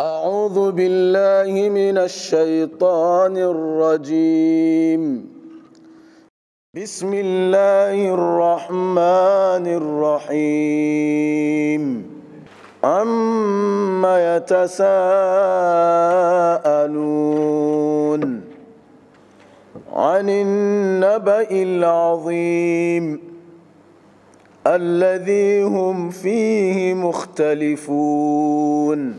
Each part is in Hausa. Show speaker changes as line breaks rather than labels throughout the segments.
أعوذ بالله من الشيطان الرجيم بسم الله الرحمن الرحيم عما يتساءلون عن النبأ العظيم الذي هم فيه مختلفون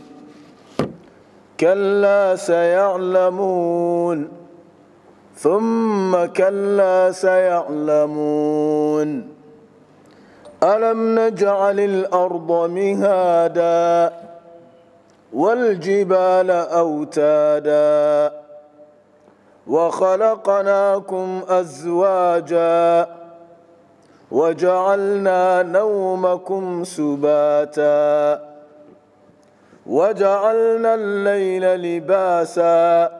كلا سيعلمون ثم كلا سيعلمون ألم نجعل الأرض مهادا والجبال أوتادا وخلقناكم أزواجاً وجعلنا نومكم سباتا وجعلنا الليل لباسا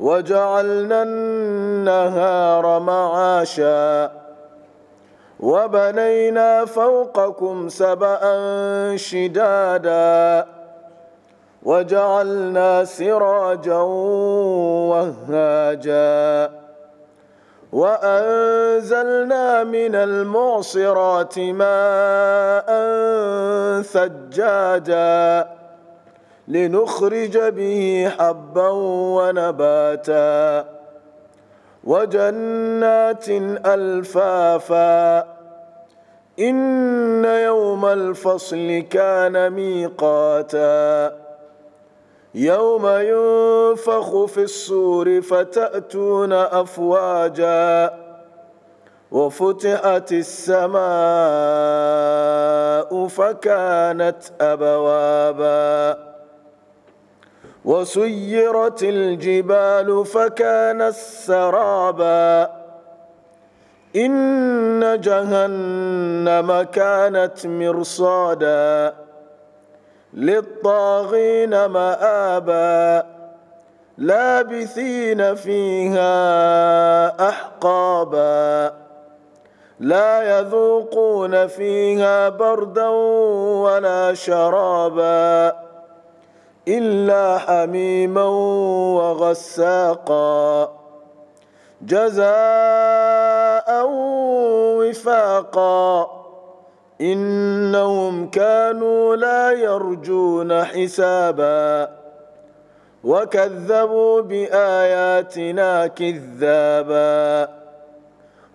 وجعلنا النهار معاشا وبنينا فوقكم سبأ شدادا وجعلنا سراجا وهاجا وأنزلنا من المعصرات ماء ثجاجا لنخرج به حبا ونباتا وجنات ألفافا إن يوم الفصل كان ميقاتا يوم ينفخ في الصور فتأتون أفواجا وفتحت السماء فكانت أبوابا وسيرت الجبال فكانت سرابا إن جهنم كانت مرصاداً للطاغين مآبا لابثين فيها أحقابا لا يذوقون فيها بردا ولا شرابا إلا حميما وغساقا جزاء وفاقا إنهم كانوا لا يرجون حسابا وكذبوا بآياتنا كذابا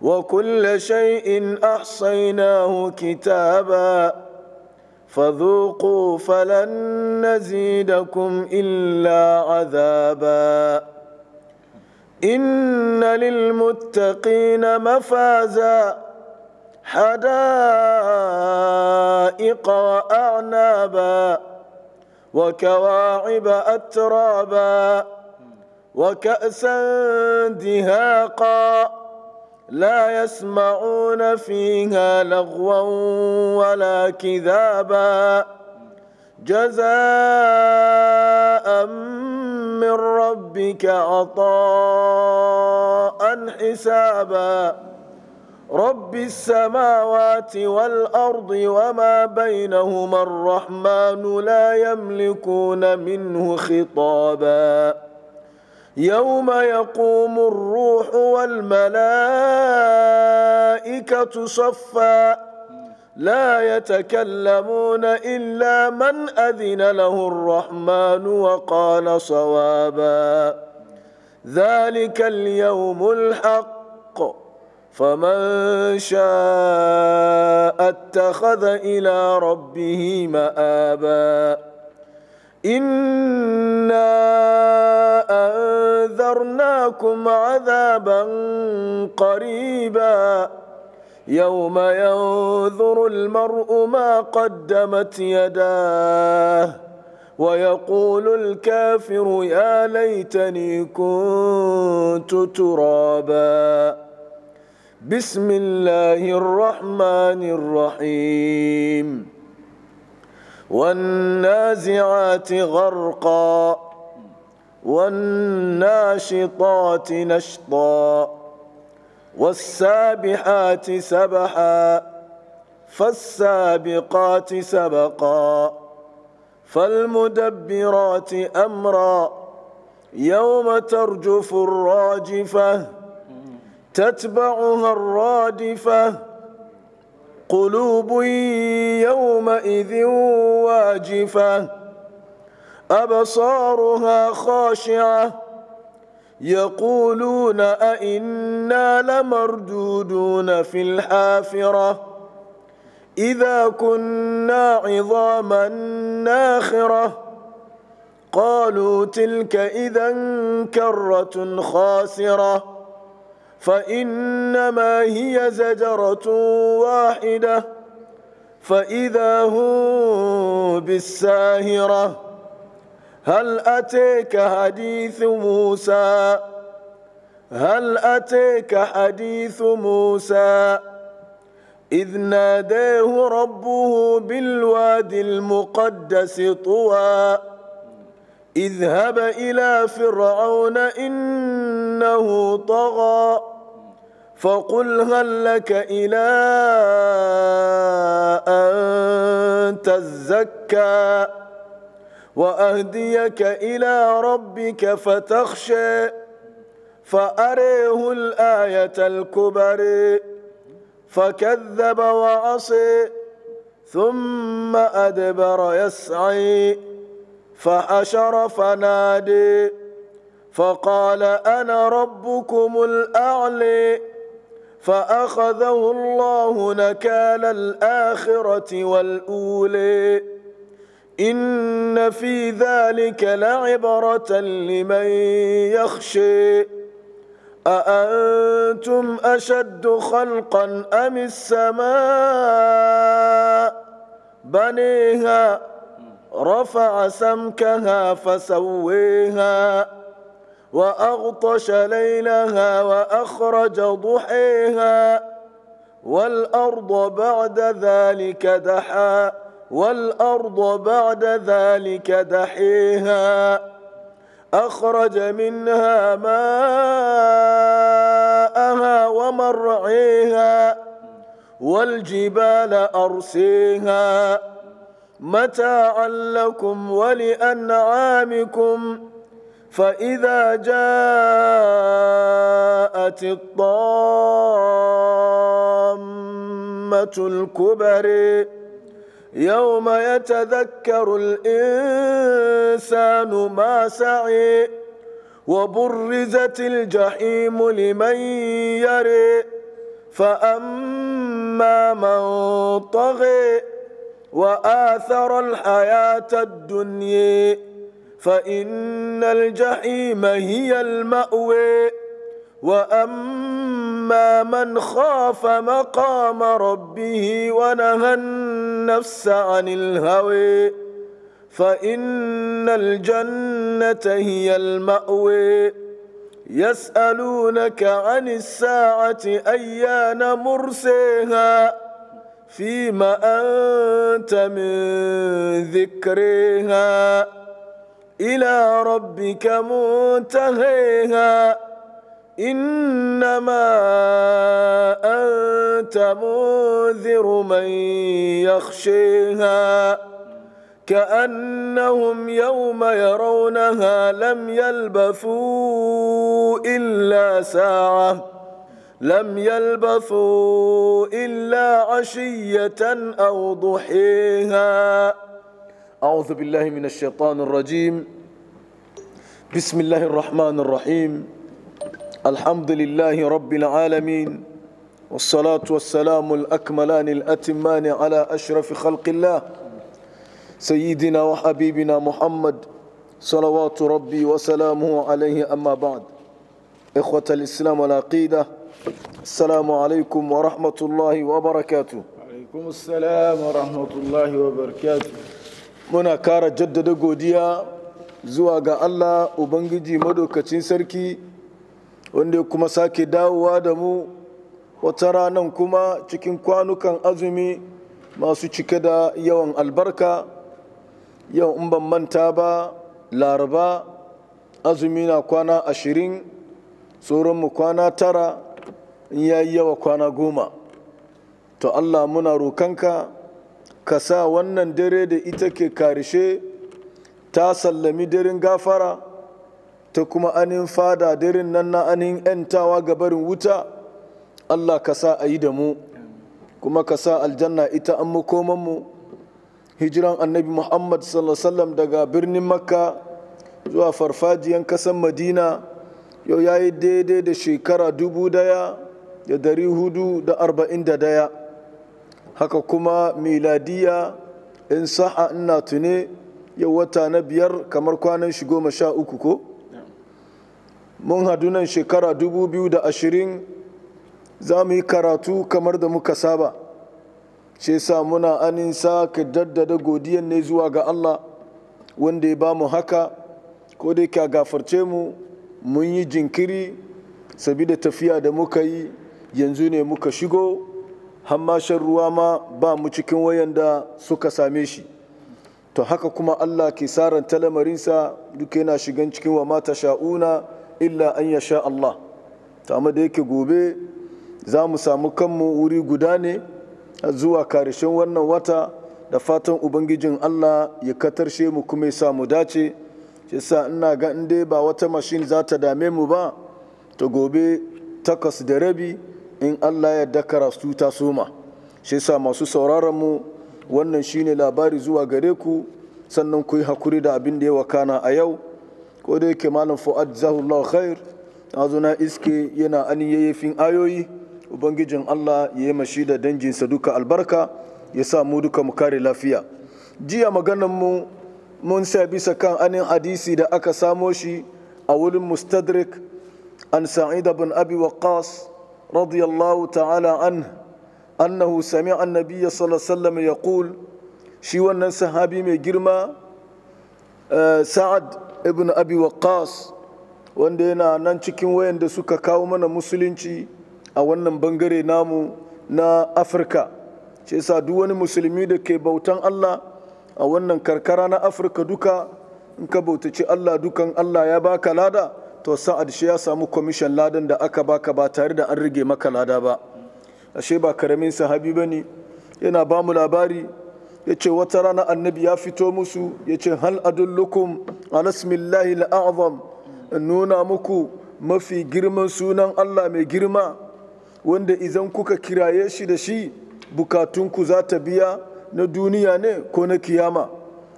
وكل شيء أحصيناه كتابا فذوقوا فلن نزيدكم إلا عذابا إن للمتقين مفازا حدائق وأعنابا وكواعب أترابا وكأسا دهاقا لا يسمعون فيها لغوا ولا كذابا جزاء من ربك عطاء حسابا رب السماوات والأرض وما بينهما الرحمن لا يملكون منه خطابا يوم يقوم الروح والملائكة صفا لا يتكلمون إلا من أذن له الرحمن وقال صوابا ذلك اليوم الحق فمن شاء اتخذ إلى ربه مآبا إنا أنذرناكم عذابا قريبا يوم ينظر المرء ما قدمت يداه ويقول الكافر يا ليتني كنت ترابا بسم الله الرحمن الرحيم والنازعات غرقا والناشطات نشطا والسابحات سبحا فالسابقات سبقا فالمدبرات امرا يوم ترجف الراجفه تتبعها الرادفة قلوب يومئذ واجفة أبصارها خاشعة يقولون أئنا لمردودون في الحافرة إذا كنا عظاما ناخرة قالوا تلك إذا كرة خاسرة فإنما هي زجرة واحدة فإذا هم بالساهرة هل أتيك حديث موسى هل أتيك حديث موسى إذ ناداه ربه بالوادي المقدس طوى اذهب إلى فرعون إنه طغى فقل هل لك إلى أن تزكى وأهديك إلى ربك فتخشى فأريه الآية الكبرى فكذب وعصي ثم أدبر يسعي فحشر فنادي فقال أنا ربكم الأعلي فأخذه الله نكال الآخرة والأولي إن في ذلك لعبرة لمن يخشي أأنتم أشد خلقا أم السماء بنيها رفع سمكها فسويها وأغطش ليلها وأخرج ضحيها والأرض بعد ذلك دحا والأرض بعد ذلك دحيها أخرج منها ماءها ومرعيها والجبال أرسيها متاعا لكم ولأنعامكم فإذا جاءت الطامة الكبر يوم يتذكر الإنسان ما سعي وبرزت الجحيم لمن يري فأما من طغي وآثر الحياة الدنيا فإن الجحيم هي المأوي وأما من خاف مقام ربه ونهى النفس عن الهوى فإن الجنة هي المأوي يسألونك عن الساعة أيان مرسيها فيما أنت من ذكرها إلى ربك منتهيها إنما أنت منذر من يخشيها كأنهم يوم يرونها لم يلبثوا إلا ساعةً لم يلبثوا إلا عشية أو ضحيها أعوذ بالله من الشيطان الرجيم بسم الله الرحمن الرحيم الحمد لله رب العالمين والصلاة والسلام الأكملان الأتمان على أشرف خلق الله سيدنا وحبيبنا محمد صلوات ربي وسلامه عليه أما بعد إخوة الإسلام والعقيده السلام عليكم ورحمة الله وبركاته عليكم السلام ورحمة الله وبركاته muna kara jaddada godiya zuwa ga Allah Ubangiji madaukacin sarki wanda kuma sake dawowa da mu wata ranar kuma cikin kwanukan azumi masu cike da yawan albarka yau in ban manta ba laraba azumi na kwana ashirin tsoron mu kwana tara in ya yi yawa kwana goma to allah muna rokanka ka sa wannan dare da ita ke karshe ta sallami daren gafara ta kuma anin fada daren nan na anin 'yantawa gabarin wuta allah ka sa a yi da mu kuma ka sa aljanna ita an mu. hijiran annabi muhammad sallallahu daga birnin makka zuwa farfajiyan kasan madina yau ya yi daidai da shekara dubu daya da dari hudu da arba'in da daya haka kuma miladiya in sa'a ina tune yau wata na biyar kamar kwanan shi goma sha uku ko mun hadu nan shekara dubu biyu da ashirin za mu yi karatu kamar da muka saba ce sa muna aninsa ka daddada godiyan ne zuwa ga allah wanda ya ba mu haka ko da ka gafarce mu mun yi jinkiri sabida tafiya da muka yi yanzu ne muka shigo hammashin ruwa ma ba mu cikin wayan da suka same shi to haka kuma Allah ke saran talamarinsa duk yana shigan cikin wa mata sha'una illa an ya sha Allah ta amma da yake gobe za mu samu kanmu wuri guda ne zuwa karshen wannan wata da fatan ubangijin Allah ya katarshe mu kuma ya samu dace shi sa ina ga in dai ba wata mashin za ta dame mu ba Ta gobe takwas da rabi in allah ya dakara su ta soma shi sa masu sauraron mu wannan shine labari zuwa gare ku sannan ku yi hakuri da abin da ya wakana a yau ko da yake malam fu'ad zahullahu khair azuna iske yana an ayoyi ubangijin allah ya yi mashi da danginsa duka albarka ya sa mu duka mu kare lafiya jiya maganan mu mun sa bisa kan anin hadisi da aka samo shi a wurin mustadrik an sa'ida bin abi waqas رضي ta'ala تعالى عنه أنه سمع النبي صلى الله wannan sahabi mai girma eh, sa'ad ibn abi waqas wanda yana nan cikin wayanda suka kawo mana musulunci a wannan bangare namu na afirka shi yasa duk wani musulmi da ke bautan allah a wannan karkara na afirka duka in ka bautaci allah dukan allah ya baka lada to sa'ad shi ya samu kwamishin ladan da aka baka ba tare da an rige maka lada ba ashe ba karamin sahabi ba ne yana ba mu labari ya ce wata rana annabi ya fito musu ya ce hal adullukum alasmillahi la'azam nuna muku mafi girman sunan allah mai girma wanda idan kuka kiraye shi da shi bukatunku za ta biya na duniya ne ko na kiyama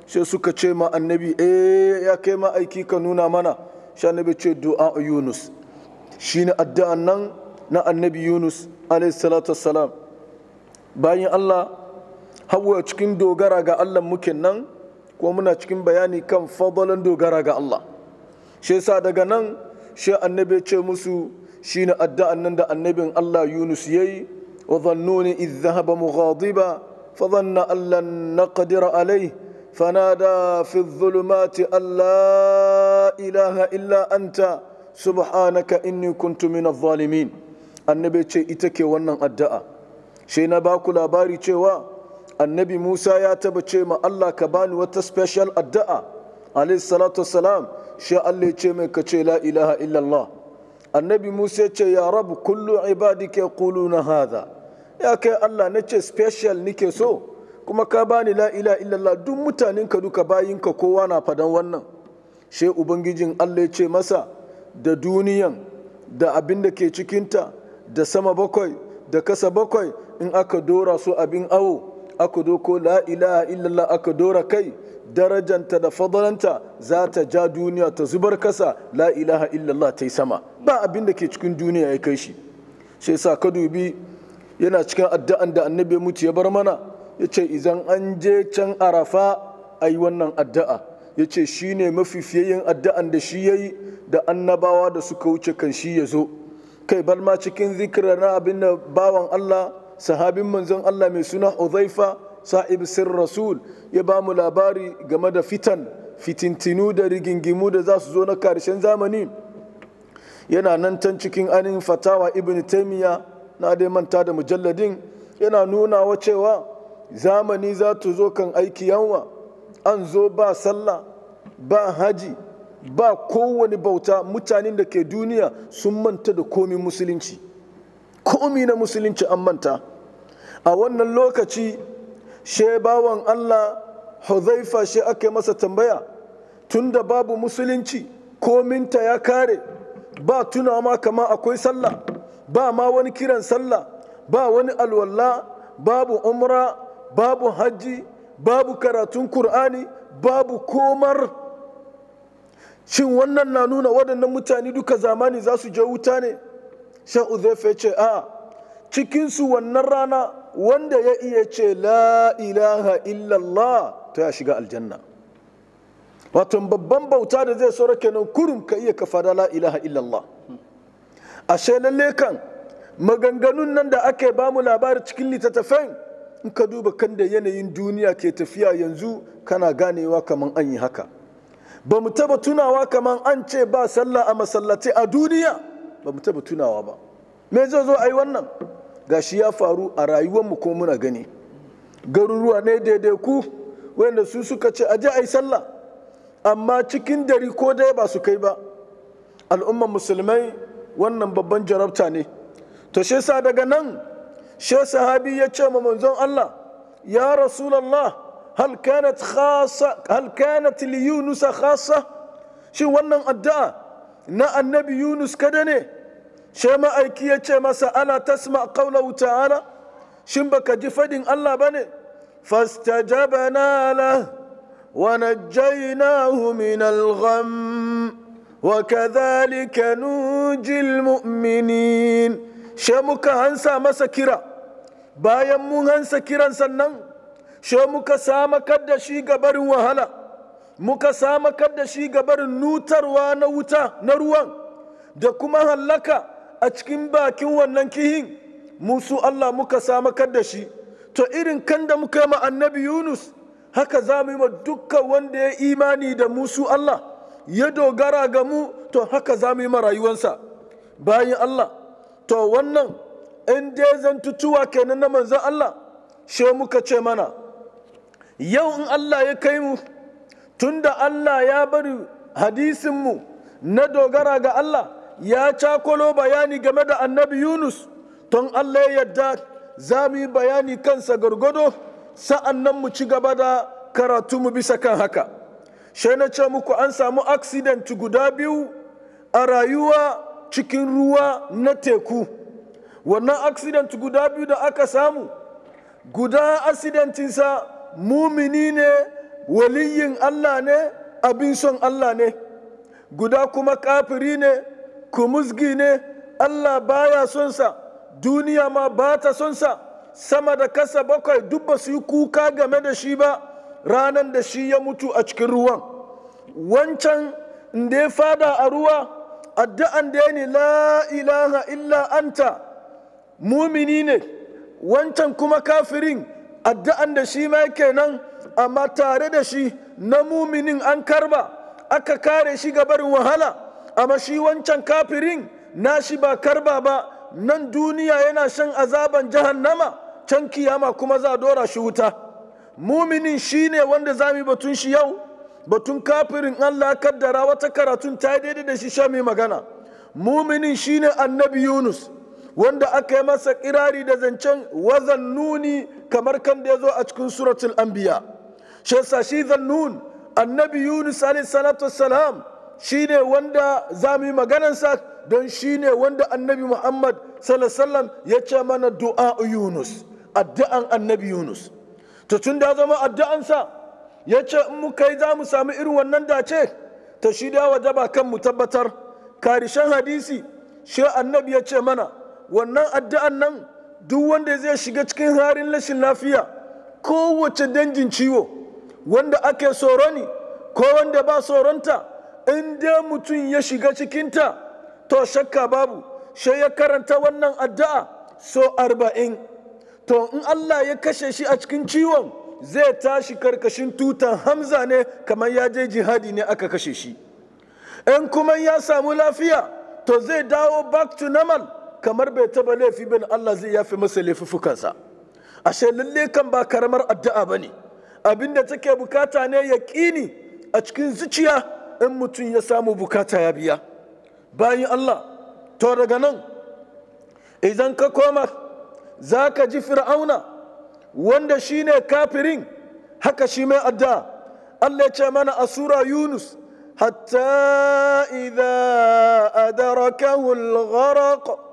sai suka ce ma annabi eh ya kai ma aiki ka nuna mana shi annabi ce du'a yunus ne addu'an nan na annabi yunus salatu salam? bayan allah hawa cikin dogara ga allah muke nan kuma muna cikin bayani kan fadalan dogara ga allah shi sa daga nan shi annabi ce musu shi ne addu'an nan da annabin allah yunus yayi wa dhannuni idh dhahaba mughadiba fa zanna an na naqdira alayhi فنادى في الظلمات أن لا إله إلا أنت subhanaka inni kuntu min zalimin annabi ce ita ke wannan addu'a shi na ba ku labari cewa annabi musa ya taba ce ma allah ka bani wata special addu'a alayhi salatu wassalam shi allah ce mai ka ce la ilaha illallah annabi musa ce ya rabu kullu ibadika yaquluna hadha ya kai allah nace special nike so kuma ka bani la ila illallah duk mutanen ka duka bayinka kowa na fadan wannan she ubangijin Allah ya ce masa da duniyan da abin da ke cikinta da sama bakwai da kasa bakwai in aka dora su abin awo aka doko la ilaha illallah aka dora kai darajanta da fadalanta za ta ja duniya ta zubar kasa la ilaha illallah ta yi sama ba abin da ke cikin duniya ya kai shi shi sa ka dubi yana cikin addu'an da annabi mutu ya bar mana ya ce idan an je can arafa a yi wannan addu'a ya ce shi ne mafifiyayin addu'an da shi ya yi da annabawa da suka wuce kan shi ya zo kai bar ma cikin zikirar na abin da bawan allah sahabin manzon allah mai suna uzaifa sa'ib sir rasul ya ba mu labari game da fitan fitintinu da rigingimu da za su zo na karshen zamani yana nan can cikin anin fatawa ibn taimiya na dai manta da mujalladin yana wa cewa zamani za ta zo kan aiki yanwa. an zo ba sallah ba haji ba kowane bauta mutanen da ke duniya sun manta da komi musulunci komi na musulunci an manta a wannan lokaci shebawan allah huzaifa shi aka masa tambaya tunda babu musulunci kominta ya kare ba tuna ma kama akwai sallah ba ma wani kiran sallah ba wani alwala babu umra babu hajji babu karatun Kur'ani babu komar shin wannan na nuna waɗannan mutane duka zamani za su je wuta ne shan uzaifa ce a cikinsu wannan rana wanda ya iya ce la ilaha illallah ta ya shiga aljanna wato babban bauta da zai saura kenan kurum ka iya kafa da la ilaha illallah ashe lalle kan maganganun nan da ake bamu labari cikin littattafai in ka duba kan da yanayin duniya ke tafiya yanzu kana ganewa kaman an yi haka ba mu taba tunawa kaman an ce ba sallah a masallaci a duniya ba mu taba tunawa ba me zai zo ai wannan gashi ya faru a rayuwarmu ko muna gani garuruwa ne daidai ku? wanda su suka ce aje ai sallah amma cikin dari ko dai ba su kai ba al'ummar musulmai wannan babban jarabta ne to shi sa daga nan She sahabi ya ce ma manzon Allah ya rasulallah hal kanat khassa hal kanat wannan addu'a na annabi yunus kada ne shi ma'aiki ya ce masa ala tasma qawlahu ta'ala shin baka ji faɗin Allah bane fastajabna lahu ونجيناه من الغم وكذلك ننجي المؤمنين شمك أنسى مسكرا bayan mun hansa kiran sannan shi muka samakar da shi gabarin wahala muka samakar da shi gabarin nutarwa na wuta na ruwan da kuma hallaka a cikin bakin wannan kihin musu Allah muka samakar da shi to irin kan da muka ma annabi Yunus haka za mu yi wa dukkan wanda ya imani da musu Allah ya dogara ga mu to haka za mu yi ma rayuwansa bayan Allah to wannan in dai tutuwa kenan na manzan Allah she muka ce mana yau in Allah ya kai mu tunda Allah ya bari hadisinmu na dogara ga Allah ya cakolo bayani game da annabi Yunus ton Allah ya yadda za mu yi bayani kansa gargado sa'an nan mu ci gaba da karatu mu bisa kan haka shi na ce muku an samu accident guda biyu a rayuwa cikin ruwa na teku wannan accident guda biyu da aka samu guda accidentinsa mumini ne waliyin Allah ne abin son Allah ne guda kuma kafiri ne kumuzgi ne Allah baya son sa duniya ma ba ta son sa sama da kasa bakwai duk su yi kuka game da shi ba ranar da shi ya mutu a cikin ruwan wancan da ya fada a ruwa addu'an da ya ni la ilaha illa anta mumini ne wancan kuma kafirin addu'an da shi ma kenan amma tare da shi na muminin an karba aka kare shi gabarin wahala amma shi wancan kafirin na shi ba karba ba nan duniya yana shan azaban jahannama can kiyama kuma za dora shi wuta muminin shi ne wanda za mu batun shi yau batun kafirin allah kaddara wata karatun ta yi daidai da shi sha mai magana muminin shi ne annabi yunus wanda aka yi masa kirari da zancen wazan nuni kamar kan da ya zo a cikin suratul anbiya shi sa shi zannun annabi yunus alaihi salatu wassalam shine wanda za mu yi maganarsa don shine wanda annabi muhammad sallallahu ya ce mana du'a yunus addu'an annabi yunus to tun da zama addu'ansa ya ce in muka yi za mu samu irin wannan dace ta shi da wajaba kan mu tabbatar karishen hadisi shi annabi ya ce mana wannan addu'an nan duk wanda zai shiga cikin harin rashin lafiya kowace dangin ciwo wanda ake tsoroni ko wanda ba tsoronta inda mutum ya shiga cikinta to shakka babu shi ya karanta wannan addu'a so arba'in to in Allah ya kashe shi a cikin ciwon zai tashi karkashin tutan hamza ne kamar ya je jihadi ne aka kashe shi in kuma ya samu lafiya to zai dawo back to normal kamar bai taba laifi bin Allah zai yafe masa laifufukansa ashe lalle kan ba karamar addu'a bane abinda take bukata ne yaƙini a cikin zuciya in mutum ya samu bukata ya biya bayan Allah to daga nan idan ka koma za ka ji fir'auna wanda shi ne kafirin haka shi mai addu'a Allah ya ce mana a sura Yunus حتى إذا أدركه الغرق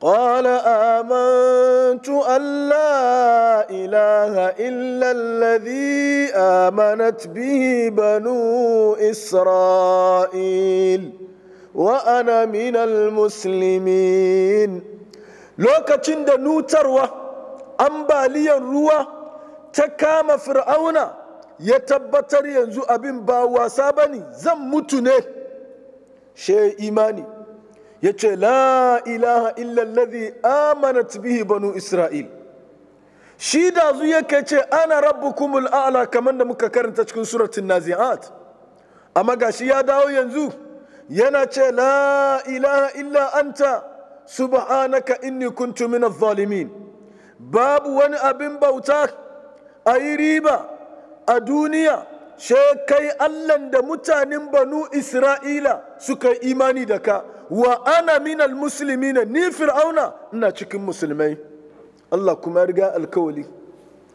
قال آمنت أن لا إله إلا الذي آمنت به بنو إسرائيل وأنا من المسلمين لوكتين دا نوتروا أمباليا روا تكام فرعون يتبتر ينزو أبن باواسابني زمتني شيء إيماني ya ce la ilaha illallazi amanat bihi banu isra'il shi da zu yake ce ana rabbukumul a'la kamar da muka karanta cikin suratun nazi'at amma gashi ya dawo yanzu yana ce la ilaha illa anta subhanaka inni kuntu minaz zalimin babu wani abin bauta a yi riba a duniya shekai allan da mutanen banu isra'ila suka imani da ka wa ana minal ne ni fir'auna ina cikin musulmai Allah kuma riga alkawali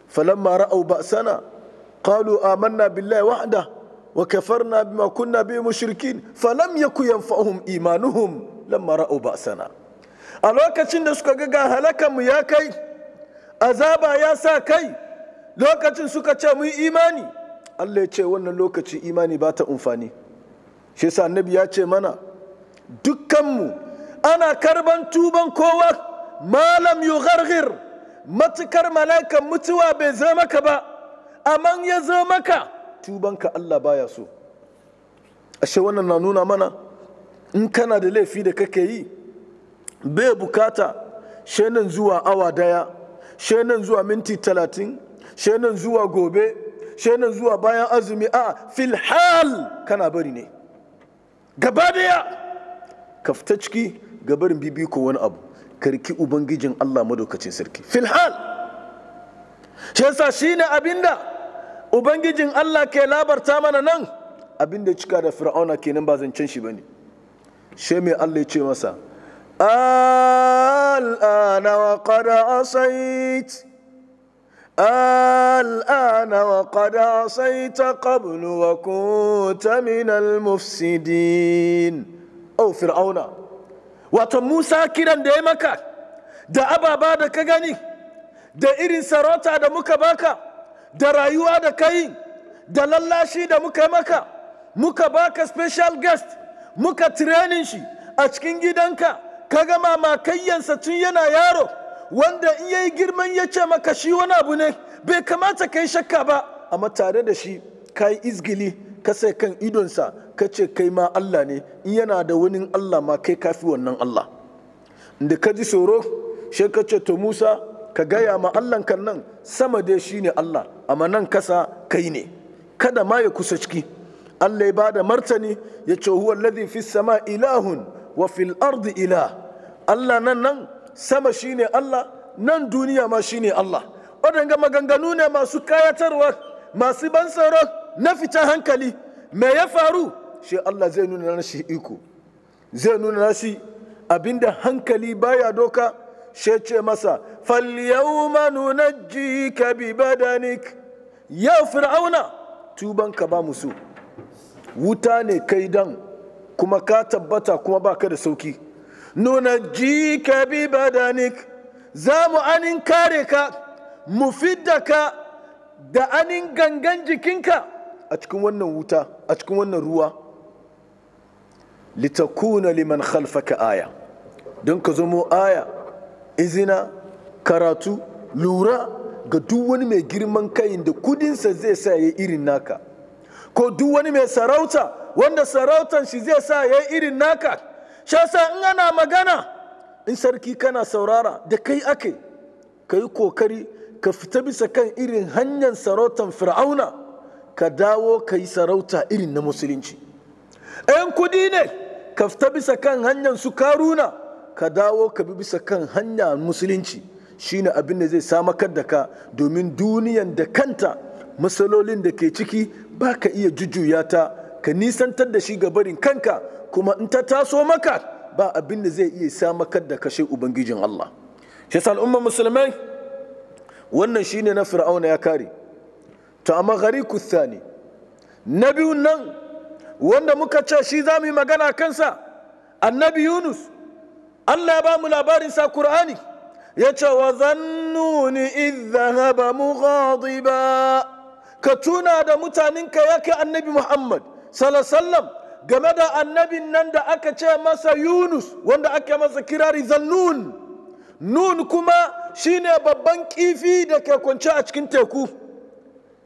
falamma ra'au ba'sana qalu amanna billahi wahda wa kafarna bima kunna bi mushrikin falam yaku yanfa'uhum imanuhum lamma ra'au ba'sana a lokacin da suka ga ga halakan mu ya kai azaba ya sa kai lokacin suka ce mu imani Allah ya ce wannan lokacin imani ba ta umfani shi yasa annabi ya ce mana dukkanmu ana karban tuban kowa malam yu gargir matukar malaikan mutuwa bai zo maka ba amma ya zo maka tubanka Allah baya so ashe wannan na nuna mana in kana da laifi da kake yi bai bukata shenan zuwa awa daya shenan zuwa minti talatin shenan zuwa gobe shenan zuwa bayan azumi a filhal kana bari ne gaba daya ka fita ciki ga barin bibi ko wani abu karki ubangijin Allah madaukacin sarki filhal shi yasa shine abinda ubangijin Allah ke labarta mana nan abinda cika da fir'auna kenan ba zan can shi bane she me Allah ya ce masa الآن وقد عصيت الآن وقد عصيت قبل وكنت من المفسدين au oh, fir'auna wato musa kiran da ya maka da ababa da ka gani da irin sarauta da muka baka da rayuwa da kai da lallashi da muka yi maka muka baka special guest muka training shi a cikin gidanka ka ga mamakayyansa tun yana yaro wanda in yayi girman ya ce maka shi wani abu ne bai kamata ka yi shakka ba amma tare da shi ka yi izgili ka sai kan idonsa ka ce kai ma Allah ne in yana da wani Allah ma kai kafi wannan Allah da ka ji tsoro shi ka ce to Musa ka gaya ma Allah kan nan sama da shi ne Allah amma nan kasa kai ne kada ma ya kusa ciki Allah ya ba da martani ya ce huwa alladhi fi sama ilahun wa fil ardi ilah Allah nan nan sama shi ne Allah nan duniya ma shi ne Allah waɗanga maganganu ne masu kayatarwa masu ban tsoro na fita hankali me ya faru shi Allah zai nuna na shi iko zai nuna na shi abinda hankali baya doka shi ce masa falyawma nunajjika bi badanik ya fir'auna tubanka ba musu wuta ne kai dan kuma ka tabbata kuma ba ka da sauki nunajjika bi badanik za mu anin kare ka mu fidda ka da anin gangan jikinka a cikin wannan wuta a cikin wannan ruwa litakuna liman khalfaka aya don ka zamo aya izina karatu lura ga duk wani mai girman kayin da kudinsa zai sa ya irin naka ko duk wani mai sarauta wanda sarautan shi zai sa ya irin naka shasa in ana magana in sarki kana saurara da kai ake ka yi kokari ka fita bisa kan irin hanyar sarautan fir'auna ka dawo ka yi sarauta irin na musulunci ‘yan kudi ne ka fita bisa kan hanyar su karuna ka dawo ka bi bisa kan hanya musulunci shine abin da zai samakar da ka domin duniyan da kanta matsalolin da ke ciki ba ka iya jujjuya ta ka nisantar da shi ga barin kanka kuma in ta taso maka ba abin da zai iya samakar da kashe ubangijin Allah shi al'umma musulmai wannan shine na fir'auna ya kare to amma ghariku thani na biyun nan wanda muka ce shi za mu yi magana kansa annabi yunus allah ya ba mu labarin sa Kur'ani, ya ce wa zannuni mu ba. ka tuna da mutanenka yake annabi muhammad sallallahu game da annabin nan da aka ce masa yunus wanda aka masa kirari zannun nun kuma shine babban kifi da ke kwance a cikin teku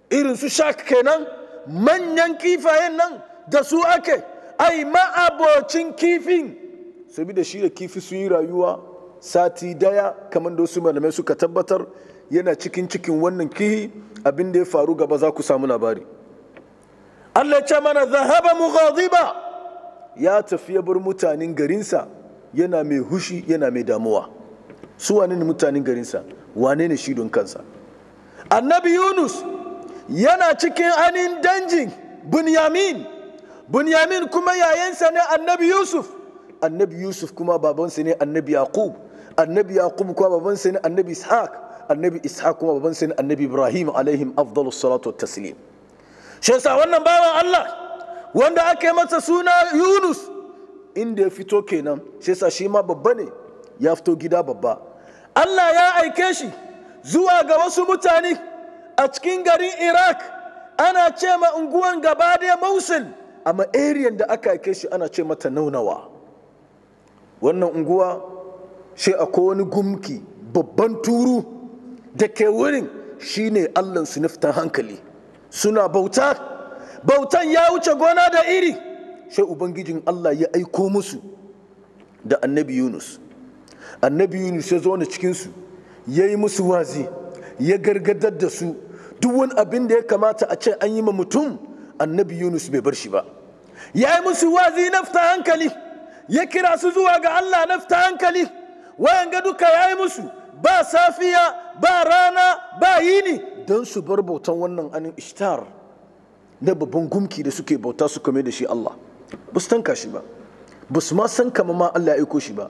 irin su shak kenan manyan kifayen nan da su ake ai ma'abocin kifin saboda shi da kifi su yi rayuwa sati daya kamar da wasu malamai suka tabbatar yana cikin cikin wannan kihi abin da ya faru gaba za ku samu labari Allah ce mana zahaba ba. ya tafi ya bar mutanen garinsa yana mai hushi yana mai damuwa su wane ne mutanen garinsa wane ne shi don kansa annabi yunus yana cikin anin danjin bunyamin bunyamin kuma yayansa ne annabi yusuf annabi yusuf kuma babansa ne annabi yaqub annabi yaqub kuma babansa ne annabi ishaq annabi ishaq kuma babansa ne annabi ibrahim alaihim afdalus salatu taslim shi yasa wannan bawan Allah wanda ake masa suna Yunus inda ya fito kenan shi yasa shi ma babba ne ya fito gida babba Allah ya aike shi zuwa ga wasu mutane a cikin garin iraq ana ce ma unguwan gaba da mausul amma ariyan da aka aike shi ana ce mata naunawa wannan unguwa shi akwai wani gumki babban turu da ke wurin shine su siniftan hankali suna bauta bautan ya wuce gona da iri sai ubangijin allah ya aiko musu da annabi yunus annabi yunus ya zo na cikinsu ya yi musu wazi ya gargadar da su duk wani abin da ya kamata a ce an yi ma mutum annabi yunus bai bar shi ba ya yi musu wazi nafta hankali ya kira su zuwa ga allah nafta hankali wayan ga duka ya yi musu ba safiya ba rana ba yini don su bar bautan wannan anin ishtar na babban gumki da suke bauta su kame da shi allah ba su tanka shi ba ba su ma san kama ma allah ya aiko shi ba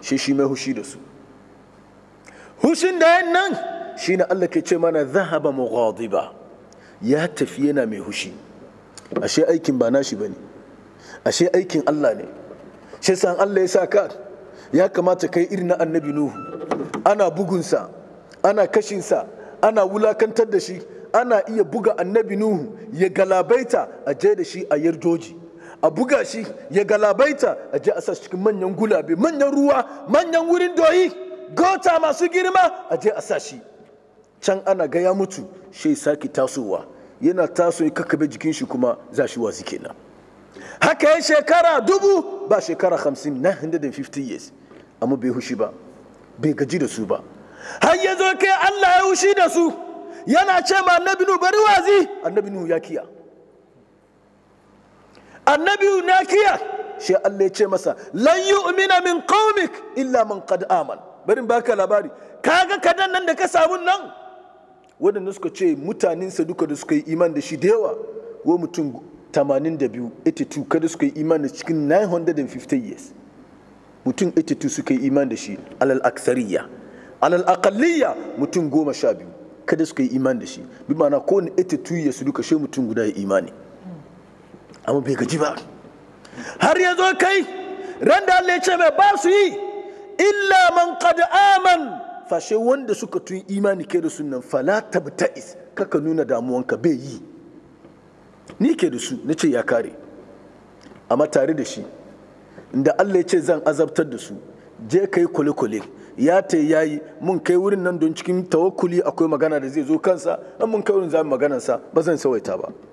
shi shi mai hushi da su hushin da yan nan shine Allah ke ce mana zahaba mughadiba ya tafi yana mai hushi ashe aikin ba nashi ne. ashe aikin Allah ne shi san Allah ya sa ka ya kamata kai irin na annabi nuhu ana bugunsa ana kashinsa ana wulakantar da shi ana iya buga annabi nuhu ya galabaita a je da shi a yardoji a buga shi ya galabaita a je a sa cikin manyan gulabe manyan ruwa manyan wurin doyi gota masu girma a je a sa shi can ana ga ya mutu shi sake tasowa yana taso ya kakkabe jikin shi kuma za shi wazi kenan haka ya shekara dubu ba shekara 50 950 years amma bai hushi ba bai gaji da su ba har ya zo kai Allah ya hushi da su yana ce ma annabi nu bari wazi annabi nu ya kiya annabi nu na kiya shi Allah ya ce masa lan yu'mina min qaumik illa man qad aman barin baka labari kaga kadan nan da ka samu nan waɗanda suka ce mutanensa duka da suka yi iman da shi da yawa wa mutum 82 82 kada suka yi iman da cikin 950 years mutum 82 suka yi iman da shi alal aksariya alal aqalliya mutum goma sha kada suka yi iman da shi bi ma'ana kowane 82 years duka shi mutum guda ya imani amma bai gaji ba har ya zo kai ran da Allah ya ce mai ba su yi illa man qad aman fashe wanda suka tun imani ke da sunan fala tabta'is kaka nuna damuwanka bai yi ni ke da su na ce ya kare amma tare da shi inda Allah ya ce zan azabtar da su je kai kwale-kwale ya ta yayi mun kai wurin nan don cikin tawakuli akwai magana da zai zo kansa an mun kai wurin za mu ba zan sawaita ba